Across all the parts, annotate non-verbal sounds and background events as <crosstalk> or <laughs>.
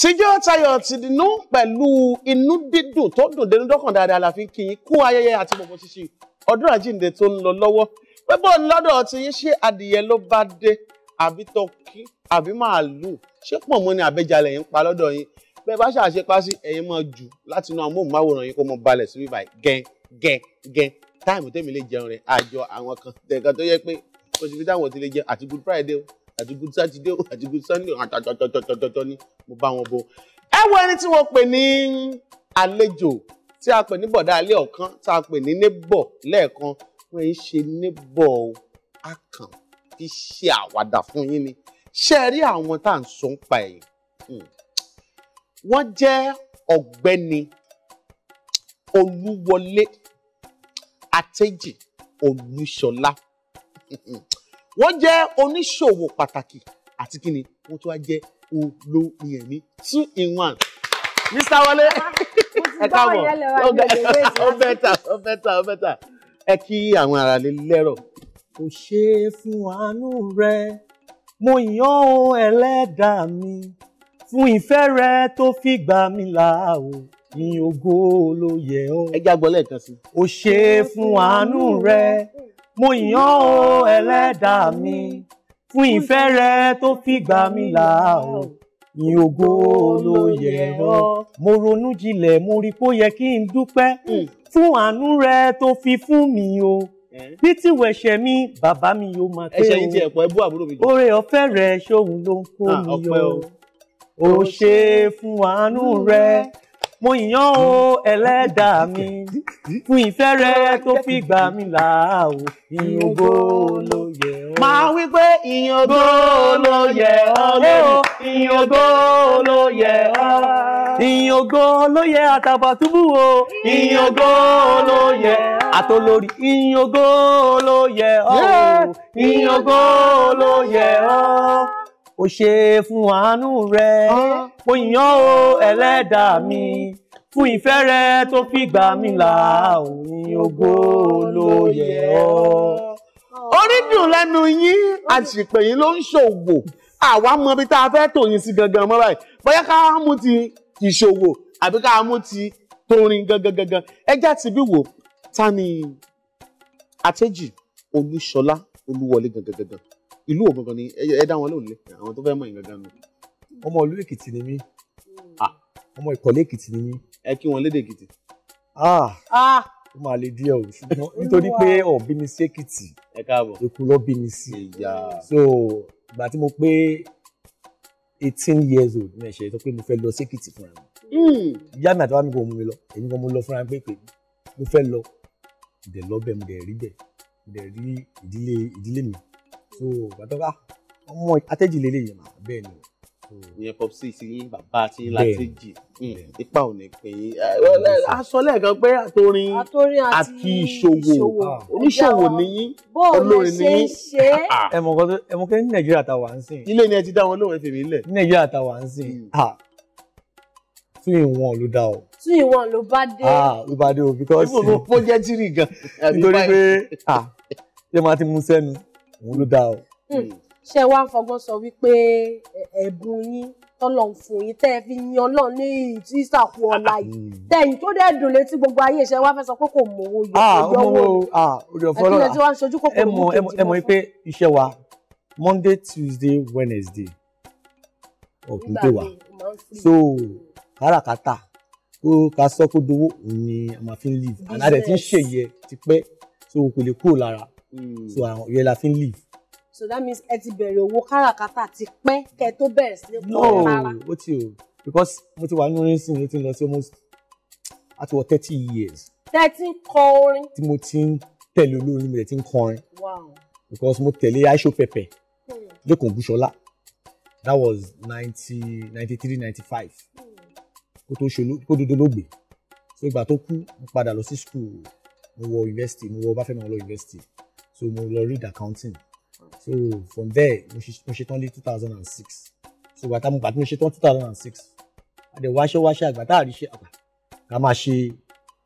tíjọ́ tayọ̀ ti dùnú pẹ̀lú inú dídùn tó dùn dénú dọ́kàn dáadáa la fi ń kí yín kú ayẹyẹ àti gbogbo ṣíṣe ọdún àjíǹde tó ń lọ lọ́wọ́ pẹ́pọ́ lọ́dọ̀ ti yín ṣé adìyẹ ló bá dé àbí tọkí àbí màálù ṣé pọ̀nmọ́ ni àbẹ́jalẹ̀ yín pa lọ́dọ̀ yín bẹ́ẹ̀ bá ṣàṣe pa sí ẹ̀yin mọ́ jù láti inú amóhùnmáwòrán yín kó mọ balẹ̀ sí bíbáyìí gẹ́n gẹ́n gẹ́n táìmù tẹ́mi good friday àdìgún sátidé àdìgún sànńdé àtàtàtàtàtàtà ni mo bá wọn bo. ẹ wo ẹni tí wọ́n pè ní àlejò tí a pè ní bọ̀dá alẹ́ ọ̀kan tá a pè ní nébọ̀ lẹ́ẹ̀kan wọ́n ń ṣe nébọ̀ akàn fi ṣe àwàdà fún yín ni ṣe rí àwọn tá à ń sọ ń pa ẹ̀yìn hmm. wọ́n jẹ́ ọ̀gbẹ́ni olúwọlé àtẹ́jì olúṣọlá <laughs> wọ́n jẹ́ oníṣòwò pàtàkì àti kíni wọ́n tún wá jẹ́ olórí ẹ̀mí two in one. Mr. Wale ẹ káàbọ̀ ó bẹ́tà ó bẹ́tà ó bẹ́tà ẹ kí àwọn ará lè lẹ́rọ̀. kò ṣe é fún àánú rẹ mo yàn ó ẹlẹ́dàá mi fún ìfẹ́ rẹ tó fi gbà mí là ní ògo ló yẹ ẹ jágbọ́ lẹ́ẹ̀kan sí. kò ṣe é fún àánú rẹ mo yàn ó ẹlẹ́dàá mi fún ìfẹ́ rẹ tó fi gbà mí là ó ìyìn ògo ló yẹ ọ́ mo ronú jinlẹ̀ mo rí kó yẹ kí n dúpẹ́ hmm. fún àánú rẹ tó fi fún mi o bí tí wọ mi bàbá mi yóò máa pé o ẹ̀ṣẹ̀ yìí ti ẹpọ ẹbú àbúrò mi jù oore ọ̀fẹ́ rẹ ṣóhun ló ń kó ah, mi o o ṣe fún àánú hmm. rẹ mo yàn ó ẹlẹ́dàá mi fún ìfẹ́ rẹ tó fi gbà mí là ó ìyìn ògo ló yẹ ọ́. máa wí pé ìyìn ògo ló yẹ ọ́ lóò ìyìn ló yẹ ọ́. ìyìn ló yẹ Àtàbàtúbú o ìyìn ló yẹ àtolórí ìyìn ló yẹ ọ́ ìyìn ògo ló yẹ ọ́ o ṣe fún àánú rẹ mo yàn ó ẹlẹ́dàá mi fún ìfẹ́ rẹ tó fi gbà mí là òun ògo ló yẹ ọ́. orídùn lẹ́nu yín àṣìpẹ̀ yín ló ń ṣòwò àwa mọ ibi tá a fẹ́ tò yín sí gangan mọ́ báyìí bóyá ká mú ti ìṣòwò àbí ká mú ti torin gangan gangan ti bí wò ta ni àtẹ́jì olúṣọlá olúwọlé gangan ìlú ògangan ni ẹ dá wọn lóun lé àwọn tó fẹ́ mọ̀ yín gangan nù. ọmọ ìlú èkìtì ni mí ah. ọmọ ìkọ̀lé èkìtì ni mí. ẹ kí wọn lédè èkìtì. Ah. Ah. ó máa le díẹ̀ o ṣùgbọ́n nítorí pé ọ̀ mi sí èkìtì èkó lọ bí mi sí. so ìgbà tí mo pé eighteen years old ní ẹ̀ṣẹ̀ tó pé mo fẹ́ lọ sí èkìtì fúnra mi. Hmm. ìyá mi àti wàá mi kò mú mi lọ èmi kan mo lọ fúnra mi pé pé mo fẹ́ lọ mo mo dẹ̀ rí bẹ́ẹ̀ mo dẹ̀ rí ìdílé mi so bàtọ́ bá ọmọ atẹ́jì lélẹ́yìí mà bẹ́ẹ̀ ni ìyẹn pop six yín bàbá àti látẹ́jì hmm, ipa ò ní pín in ah, a sọ lẹ́ẹ̀kan pé àtòrin àti ìṣòwò ah. oníṣòwò nìyí olórin nìyí. ẹ̀mọ̀ kẹ́ ní nàìjíríà tá a wà ń sìn. ilé ni ẹ ti dá wọn lóhùn ẹ̀fẹ̀ mi lẹ̀. nàìjíríà tá a wà ń sìn hmm. ah. tún ìwọ̀n ló dá o. tún ìwọ̀n ló bá dé. ah ló bá dé o because. ìfowópamọ́ jẹ́ tìrì gan. <laughs> nítorí pé ah ṣé máa ti mú sẹ́nu òun ló dáa o. Hmm. ṣé ẹ wá ń fọgbọ́n sọ wípé ẹ̀bùn yín tọ́lọ̀ fún yín tẹ́ ẹ fi yan Ọlọ́run ní ìsàkó ọ̀la yìí hmm. tẹ̀yìn tó dẹ̀ dùn létí gbogbo ayé ìṣẹ́ wá fẹ́ sọ pé kò mówó ah, yọ ọjọ́ wo ẹ̀kílẹ̀ tí wọ́n ń ṣojú kòkòrò mú kejì mọ́. ẹ mọ̀ pé iṣẹ́ Monday Tuesday Wednesday ọ̀kùn tó so káràkátà ó ká sọ kó dowó òun ni a máa fi ń live and a dẹ̀ ti ń ṣèyẹ tipẹ́ so kò lè kúrò lára Mm. so àwọn ìyẹn la fi ń live. so that means ẹ ti bẹ̀rẹ̀ owó káràkátà ti pẹ́ kẹ́ tó bẹ̀rẹ̀ sí ní kọ́ rárá. no o ti o because mo ti wà ní orin sin mo ti lọ sí almost at wọ thirty years. thirty kọ orin. tí mo ti ń tẹ̀lé olórin mo dẹ̀ ti ń kọrin. wow because mo tẹ̀lé aisho pẹpẹ hmm. lẹ́kùn ògúnṣọlá that was ninety ninety three ninety five hmm. kó tó ṣolú kó dodo ló gbé so ìgbà tó kú mo padà lọ sí school mo wọ university mo wọ Ọbáfẹ́mi lọ university so we lọ read accounting so from there mo ṣe tán ní two thousand and six so gbàtà mo gbàtà mo ṣe tán two thousand and six àdè wáṣẹ wáṣẹ àgbàtà àríṣẹ àgbà ká máa ṣe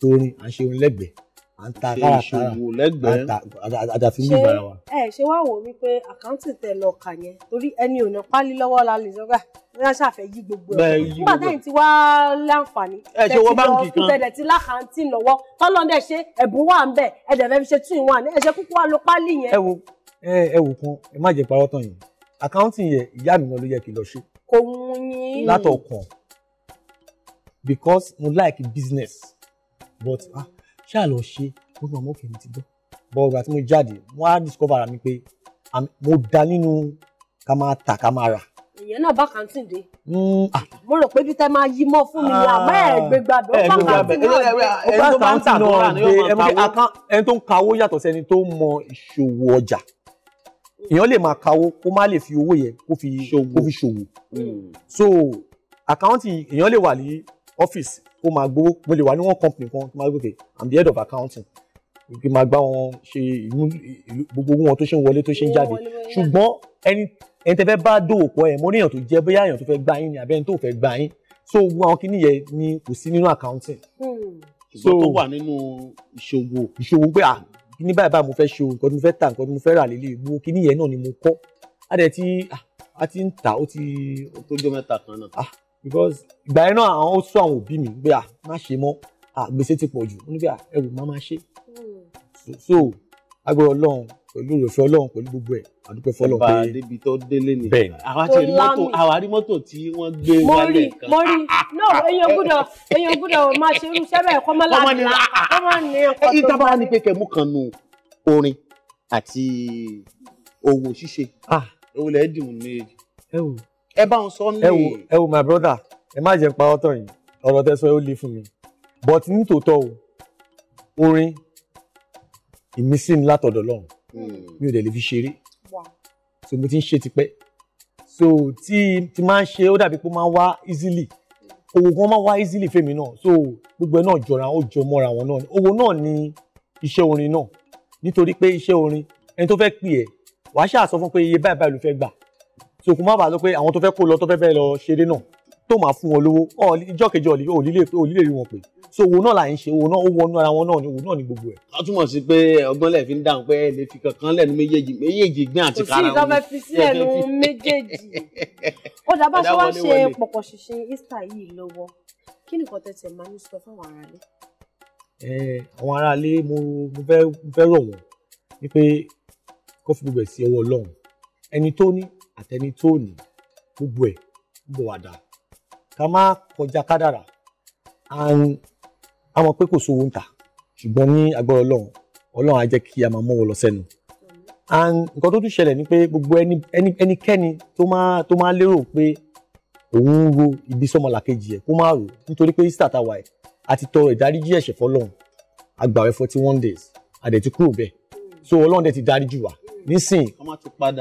torin à ń ṣe orin lẹ́gbẹ̀ẹ́ à ń ta kára kára ìṣòwò lẹ́gbẹ̀ẹ́ àjàfi ní ìbára wa. ẹ ṣé wàá wò wípé àkáǹtì tẹ lọ kà yẹn torí ẹni ò ní pálí lọ́wọ́ la lè sọ́gbà ah, wọ́n ṣàfẹ́ yí gbogbo ẹ̀ nígbà táyì tí wàá láǹfààní tẹ̀sí lọ tẹ̀lẹ̀ tí lákàntì lọ́wọ́ tọ́lọ́dẹ̀ ṣe ẹ̀bùn wà ń bẹ̀ ẹ̀dẹ̀ fẹ́ fi ṣe tún ìwọ̀n ẹ̀ ṣe kúkú wá lo pálí yẹn. ẹ wo ẹ wò kan ẹ má jẹ parọ́ tán yìí àkáǹtì yẹn ìyá mi náà ló yẹ kí lọ ṣe. kò wù yín. látọkàn because mo like business but ah ṣáà lọ ṣe mo gbọ́n mo fẹ́ mi ti gbọ́ bọ́ ọgbà tí mo jáde wọ́n á discover ara mi pé mo da nínú ká máa tà ká máa rà. ìyẹn náà bá kàńtìndé. Hmm, mo rò pé bí tẹ máa yí mọ́ fún mi ni àmọ́ ẹ̀ ah. gbẹgbàdọ̀ bá kàńtìndé náà dé. ẹni tó máa ń tà tó rà ni yóò máa kawó. ẹni tó ń kawó yàtọ̀ sẹ́ni tó mọ ìṣòwò ọjà èèyàn lè máa kawó kó má lè fi owó yẹn kó fi ṣòwò hmm. so àkáǹtì èèyàn lè wà ní ọ́fíìsì ó máa gbowó mo lè wà ní one company kan tó máa gbé i'm the head of accounting kí máa gbá wọn ṣe ìlú gbogbo wọn tó ṣe ń wọlé tó ṣe ń jáde ṣùgbọ́n ẹni ẹni tẹ́ fẹ́ bá dòwò pọ̀ ẹ̀ mo ní èèyàn tó jẹ́ bóyá èèyàn tó fẹ́ gbá yín ni àbẹ́ni tó fẹ́ gbá yín so gbogbo àwọn kìíní yẹn ni kò sí nínú accounting. Hmm. so tó wà nínú ìṣòwò. ìṣòwò pé à ní báyìí báyìí mo fẹ́ ṣe nǹkan mo fẹ́ ta nǹkan mo fẹ́ rà lélẹ̀ gbogbo kìíní yẹn náà ni mo kọ́ á dẹ̀ ti á ti ń ta ó ti. ó tó jọ mẹ́ta kan náà. Ah, because ìgbà yẹn náà àwọn ó sún àwọn òbí mi pé à má ṣe mọ́ à gbèsè ti pọ̀ jù níbi à ẹrù má má ṣe so agbára Ọlọ́run pẹ̀lú òròfẹ́ Ọlọ́run pẹ̀lú gbogbo ẹ̀ àdúpẹ́ fọlọ́ pé ẹ̀bà débi tó délé ni bẹ́ẹ̀ ni àwa ti rí mọ́tò àwa rí mọ́tò tí wọ́n gbé wálẹ̀ kan mo rí mo rí no èèyàn gbúdọ̀ èèyàn gbúdọ̀ máa ṣe irúṣẹ́ bẹ́ẹ̀ kọ́ mọ́ láàbì la kọ́ mọ́ ní ọkọ̀ tó ń ìtàbá ni pé kẹmú kan nu orin àti òwò ṣíṣe òwò ah. lẹ́ẹ̀dùn méjì. ẹ wò ẹ bá ń sọ nílé. ẹ wo ẹ wo my brother ẹ má jẹ́ ń pa ọ́tọ̀ yìí ọ̀rọ̀ tẹ́ sọ ẹ ó le fún mi but nítòótọ́ o orin ìmísí ni látọ̀dọ̀ lọ́run hmm. mi ò dẹ̀ lè fi ṣeré so mo ti ń ṣe tipẹ́ so tí ti máa ń ṣe ó dàbí pé ó máa ń wá easily owó kan máa ń wá easily fèmí náà so gbogbo ẹ náà jọra ó jọ mọ́ra wọn náà owó náà ni iṣẹ́ orin náà nítorí pé iṣẹ́ orin ẹni tó fẹ́ pè ẹ́ wàá ṣáà sọ fún pé iye báyìí báyìí ló fẹ́ gbà so kò má bàa lọ pé àwọn tó fẹ́ kó lọ tó fẹ́ fẹ́ lọ ṣeré náà tó máa fún wọn lówó ìjọ kejì òlílé òlílé rí wọn pé so òun náà là ń ṣe òun náà ó wọnú ara wọn náà ni òun náà ni gbogbo ẹ̀. a túmọ̀ sí pé ọgbọ́n lẹ̀ fi ń dáhùn pé ẹ lè fi kankan lẹ́nu méjèèjì méjèèjì gbìn àti kára wọn. kò sí ìjọba fi sílẹ̀ nu méjèèjì ó dábàá ṣe wá ṣe pọ̀pọ̀ ṣìnṣìn easter yìí lọ́wọ́ kí nìkan tẹ̀sẹ̀ máa ń sọ fáwọn aráalé. ẹ àwọn aráalé mo fẹ́ rọ̀ wọ́n wípé kó fi gbogbo ẹ̀ sí ọwọ́ Ọlọ́run ẹni tó ní àtẹni tó ní gbogbo ẹ̀ ń bọ̀ wá dà ká má kọjá kádàrà a mọ̀ pé kò sówó ń tà ṣùgbọ́n ní agbára ọlọ́run ọlọ́run á jẹ́ kí a máa mọ́ wọn lọ sẹ́nu and nǹkan tó tún ṣẹlẹ̀ ni pé gbogbo ẹnikẹ́ni tó máa tó máa lérò pé òun ń ro ibi sọmọlàkejì ẹ̀ kó má rò nítorí pé easter tá wà ẹ̀ àti tọrọ ìdáríjì ẹ̀ṣẹ̀ fọlọ́run àgbàwẹ̀ forty one days àdẹ̀ ti kúrò bẹ́ẹ̀ so ọlọ́run dẹ̀ ti dáríjì wá nísìn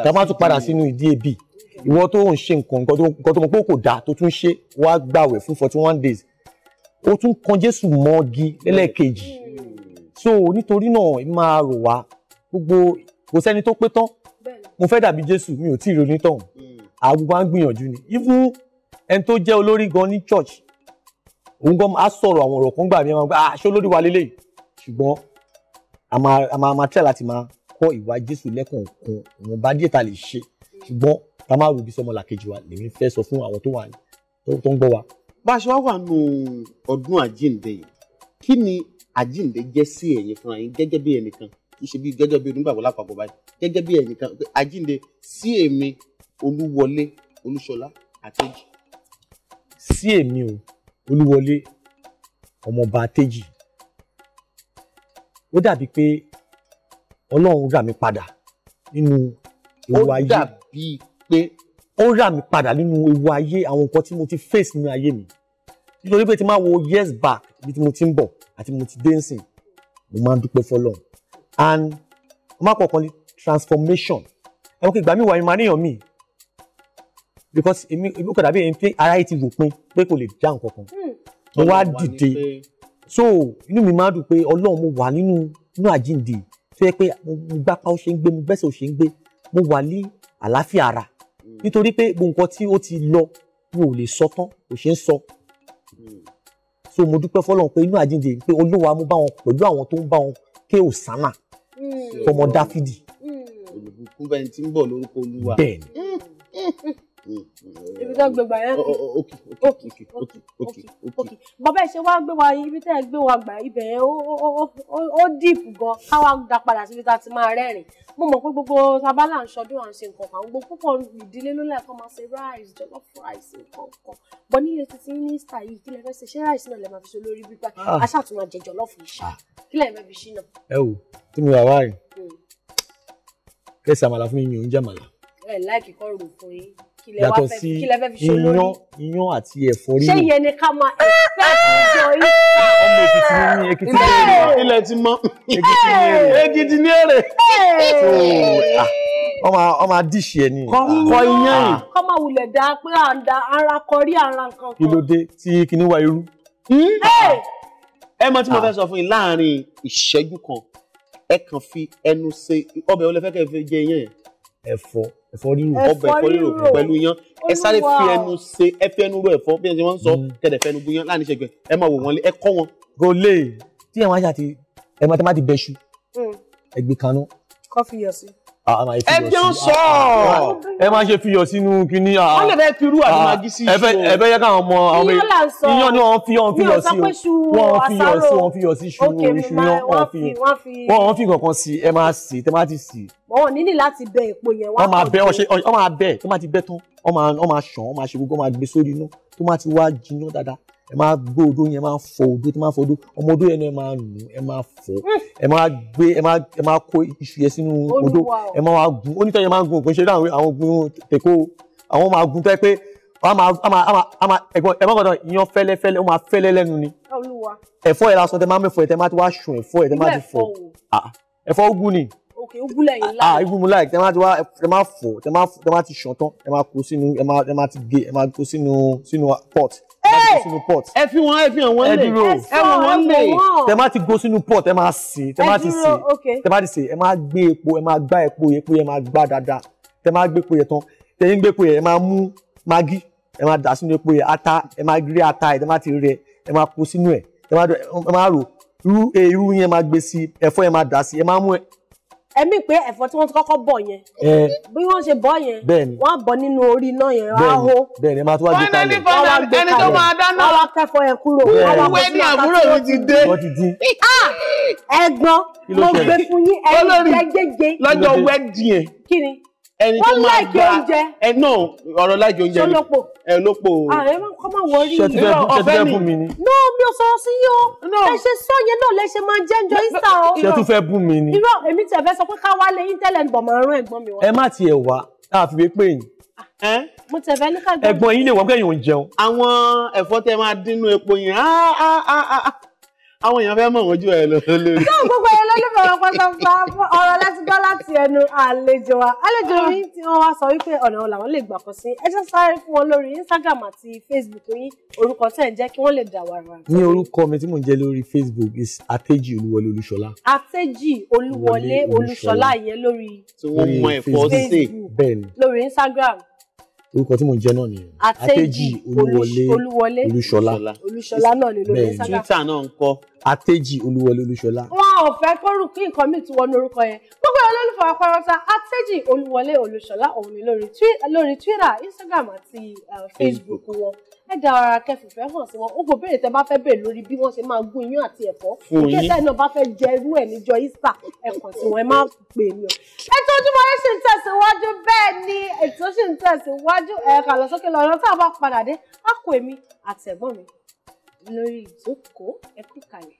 ká má tún padà sínú ìdí ebi ìwọ tó ń ṣe nǹkan nǹkan tó mọ̀ pé kò dáa tó tún ṣe wá gbàwẹ̀ fún forty one days ó tún kan Jésù mọ́gi lẹ́lẹ́kejì so nítorí náà ẹ máa rò wá gbogbo kò sẹ́ni tó pé tán mo fẹ́ dàbí Jésù mi ò tí ì ronú tán hmm. àwọn máa ń gbìyànjú ni even ẹni tó jẹ́ olórí gan ní church òun gan á sọ̀rọ̀ àwọn ọ̀rọ̀ kan gbà mí ẹ máa gbà ah ṣé olórí wa lélẹ́yìí ṣùgbọ́n a máa a máa tẹ̀ láti máa kọ́ ìwà Jésù lẹ́kọ̀ọ̀kan ìwọ̀n bá díẹ̀ ta lè ṣe ṣùgbọ́n ká má rubí sọmọ làkejì wa lèmi fẹ́ sọ fún àwọn tó wà tó ń gbọ́ wa. bá a ṣe wá wà nù ọdún àjíǹde yìí kí ni àjíǹde jẹ́ sí ẹ̀yin fúnra yín gẹ́gẹ́ bí ẹnìkan kì í ṣe bí gẹ́gẹ́ bí onígbàgbọ́ lápapọ̀ báyìí gẹ́gẹ́ bí ẹnìkan àjíǹde sí èmi Olúwọlé Olúṣọlá Àtẹ́jì. sí èmi o Olúwọlé ọmọọba Àtẹ́jì ó dàbí pé ọlọ́run rà mí padà nínú ewu ayé. ó dàbí pé. ó rà mí padà nínú ewu ayé àwọn nǹkan tí mo ti face nínú ayé mi nítorí pé tí máa wo years back ibi tí mo ti ń bọ̀ àti mo ti dé mo máa ń dúpẹ́ fọlọ́run and má pọ̀ kan transformation ẹ̀wọ̀n kí ìgbà mi wà ní màá mi because èmi èmi kò dàbí èmi pé ara yìí ti ròpin pé kò lè já nǹkan kan hmm. mo wá dìde so inú mi máa dùn pé ọlọ́run mo wà nínú nínú àjíǹde tó yẹ pé mo gbápá ó ṣe ń gbé mo gbẹ́sẹ̀ ó ṣe ń gbé mo wà ní àlàáfíà ara hmm. nítorí pé gbogbo nǹkan tí ó ti lọ mi ò lè sọ tán kò ṣe ń sọ hmm. so mo dúpẹ́ fọlọ́run pé inú àjíǹde pé olúwa mú bá wọn pẹ̀lú àwọn tó ń bá wọn ké òsánà hmm. fọmọ dáfídì. olùbùkún bẹ́ẹ̀ ti ń bọ̀ lórúkọ olúwa. bẹ́ẹ̀ni ibi tó mm-hmm. gbé gbà yẹn òkè bàbá ìṣe wa gbé wa ibi tẹ́ ẹ gbé wa gbà ibẹ̀ yẹn ó deep gan káwa da padà síbi tá a ti máa rẹ́rìn mo mọ̀ pé gbogbo tabala ń ṣọdún à ń ṣe nǹkan kan gbogbo púpọ̀ ìdílé ló lẹ́ẹ̀kọ́ máa ṣe rice jollof rice nǹkan kan bọ́ nílé títí ní ìsà yìí kí lẹ fẹ́ ṣe ṣé rice náà lẹ máa fi ṣe olórí bípa ah. aṣáàtúmọ̀ jẹ jollof yìí ṣá ah. kí lẹ fẹ́ fi ṣí náà. ẹ wò tí mo wà wáyé hmm. kẹsàn-án màlà fún yín mi ò ń jẹ màlà. ẹ láìkì kọ́ rò fún yín kìlẹ̀ wá fẹ́ kílẹ̀ fẹ́ fi ṣe lórí. yàtọ̀ sí iyán iyán àti ẹ̀fọ́ rírò. ṣé ìyẹn ni ká máa ah, ẹ̀fẹ́ ah, ìjọ yìí. ọmọ èkìtì ní èkìtì ní èrè ilẹ̀ ti mọ́ èkìtì ní èrè. ọmọ adíṣe ẹni. kọ́ iyán yìí. Ah. kọ́ máa wulẹ̀ dáa pé ara kọrí ara nǹkan kan. kí ló dé tí kinní wa irú. Hmm? ẹ mọ tí mo fẹ́ sọ fún yín láàárín ìṣẹ́jú kan ẹ kàn fi ẹnu ṣe ọbẹ̀ olè fi jẹ iyán yẹn. ẹ̀fọ́ ẹ̀fọ́ rírò ọbẹ̀ ẹ̀fọ́ rírò pẹ̀lú iyán ẹ sáré fi ẹnu ṣe ẹ fi ẹnu ro ẹ̀fọ́ bí ẹ ṣe máa ń sọ mm. kẹ̀dẹ̀ fẹnu bu iyán láàrin ìṣègbè ẹ máa wò wọ́n lé ẹ kọ́ wọn. gòlè tí ẹ̀ wọ́n aṣáà ti ẹ̀ máa tẹ́ máa ti bẹ̀ṣu mm. ẹ gbé kaná. kọ́fì sí àmà ah, ah, ìfiyọ̀ sí ẹ jẹun sọ ẹ máa ṣe fiyọ̀ sínú kínní à ah, wọn lè fẹ́ fi irú àti magi sí iṣu ẹ fẹ́ yẹ káwọn ọmọ àwọn iyán ni wọ́n fi wọ́n fiyọ̀ sí wọ́n fiyọ̀ sí wọ́n fiyọ̀ sí iṣu iṣu yán wọ́n fi wọ́n fi kankan sí ẹ máa sè tẹ máa ti sè. wọn ò nílì láti bẹ èpo yẹn wá. wọn máa bẹ ọṣẹ ọ máa tó máa ti bẹ tán ọ máa ṣàn ọ máa ṣe iná tó máa ti wá jiná dáadáa ẹ máa gbé odó yẹn ẹ máa fọ odó tí máa fọ odó ọmọ odó yẹn náà ẹ máa nù ẹ máa fọ ẹ máa gbé ẹ máa ẹ máa kó iṣu yẹn sínú odó ẹ máa wá gun onítọ̀ yẹn máa gun òkun ṣe dá àwọn gun tèkó àwọn máa gun tẹ́ pé wọ́n máa a máa a máa ẹ̀gbọ́n ẹ̀ mọ́kàndán yan fẹ́lẹ́fẹ́lẹ́ ó máa fẹ́lẹ́ lẹ́nu ni ẹ̀fọ́ yẹn lásán tẹ máa mẹ́fọ́ yẹn tẹ máa ti wá sun ẹ̀fọ́ yẹn tẹ máa ti fọ ẹ̀fọ́ ugu ni ah igun mu láì tẹ máa ti wá tẹ máa fọ tẹ máa tẹ máa ti sàn tán ẹ máa kó sínú ẹ máa tẹ máa ti gé ẹ máa kó sínú sínú ẹ sínú pot. ẹ fi wọn ẹ fi hàn wọn lè ẹ dúró ẹ wọn wọn lè tẹ má ti go sínú pot ẹ má sè é tẹ má ti sè é tẹ má ti sè é ẹ má gbé epo ẹ má gbá epo epo yẹn má gbá dáadáa tẹ má gbé epo yẹn tán tẹ yín gbé epo yẹn ẹ má mú magi ẹ má dà sínú epo yẹn ata ẹ má rí ata ẹ tẹ má ti rẹ ẹ má kó sínú ẹ ẹ má rò irú irú yẹn má gbé sí ẹ̀fọ́ yẹn má dà sí ẹ má mú ẹ̀mí pé ẹ̀fọ́ tí wọ́n ti kọ́kọ́ bọ̀ yẹn bí wọ́n ṣe bọ̀ yẹn wọ́n á bọ̀ nínú orí iná yẹn á hó bẹ́ẹ̀ni máa tún wá gbé kalẹ̀ wọ́n á gbé kalẹ̀ wọ́n á kẹ́fọ́ yẹn kúrò wíwé ni àbúrò mi ti dé ah! ẹ̀gbọ́n mo gbé fún yín ẹ̀yin gbẹgbẹgbẹ lọ́jọ́ wẹ́ẹ̀dì yẹn kí ni ẹni tó máa gba ẹ náà ọ̀rọ̀ láìkí oúnjẹ ni ọlọ́pọ̀ ẹ lọ́pọ̀ o. ààrẹ ah, kọ́ máa wọ rí ìlú ọ̀fẹ́ mi ni. no mi ò sọ sí yó ẹ ṣe sọ yẹn náà lẹ ṣe máa jẹ́ njọ ìsà o. ṣé tún fẹ́ bú mi ni. irọ́ èmi tiẹ̀ fẹ́ sọ pé ká wá lé íńtẹ́lẹ̀tì bọ̀ máa rán ẹ̀gbọ́n mi wá. ẹ má tiẹ̀ wá láàfin pé pé yín. mo tẹ̀ fẹ́ ní ká gbọ́. ẹ̀gbọ́n yín lè wọ́n kẹ́yìn òun jẹun. àwọn ẹ̀fọ́ tẹ máa dínú epo yẹn ah, ah, àwọn èèyàn fẹ́ mọ̀ wọ́n ju ẹ lọ lórí. náà gbogbo ẹ lọ́lọ́mọ pátápátá ọ̀rọ̀ láti gbọ́ láti ẹnu àlejò wa àlejò yín tí wọ́n wá sọ wípé ọ̀nà wọn làwọn lè gbà kàn sí ẹ jẹ́ sáré fún wọn lórí Instagram àti Facebook yín orúkọ tẹ̀ ń jẹ́ kí wọ́n lè dà wàrà. ní orúkọ mi tí mò ń jẹ́ lórí Facebook is Ateji Olúwọlé Olúṣọlá. Ateji Olúwọlé Olúṣọlá yẹn lórí Facebook lórí Instagram orúkọ tí mo ń jẹ náà nìyẹn àtẹjì olúwọlé olúṣọlá olúṣọlá náà ni lórí Instagram twitter náà ń kọ àtẹ́jì olúwọlé olúṣọlá. wọn ò fẹ́ kórúkú nǹkan míì tí wọ́n lórúkọ yẹn gbogbo olólùfẹ́ apárọ́ta àtẹ́jì olúwọlé olúṣọlá òun ni lórí twitter instagram àti eh, facebook wọn ẹ dá ara kẹfìfẹ́ hàn sí wọn ó kò béèrè tẹ bá fẹ́ béèrè lórí bí wọ́n ṣe máa gún iyán àti ẹ̀fọ́ ìgbésẹ̀ náà bá fẹ́ jẹ irú ẹ̀ níjọ easter ẹ̀kàn tí wọ́n máa pè mí o. ètò ojúmọ́ ẹ ṣì ń tẹ̀síwájú bẹ́ẹ̀ ni ètò ṣì ń tẹ̀síwájú ẹ̀ka lọ sókè lọ́rọ́ tá a bá padà dé á kó èmi àtẹ̀gbọ́n mi lórí ìjókòó ẹ kú kalẹ̀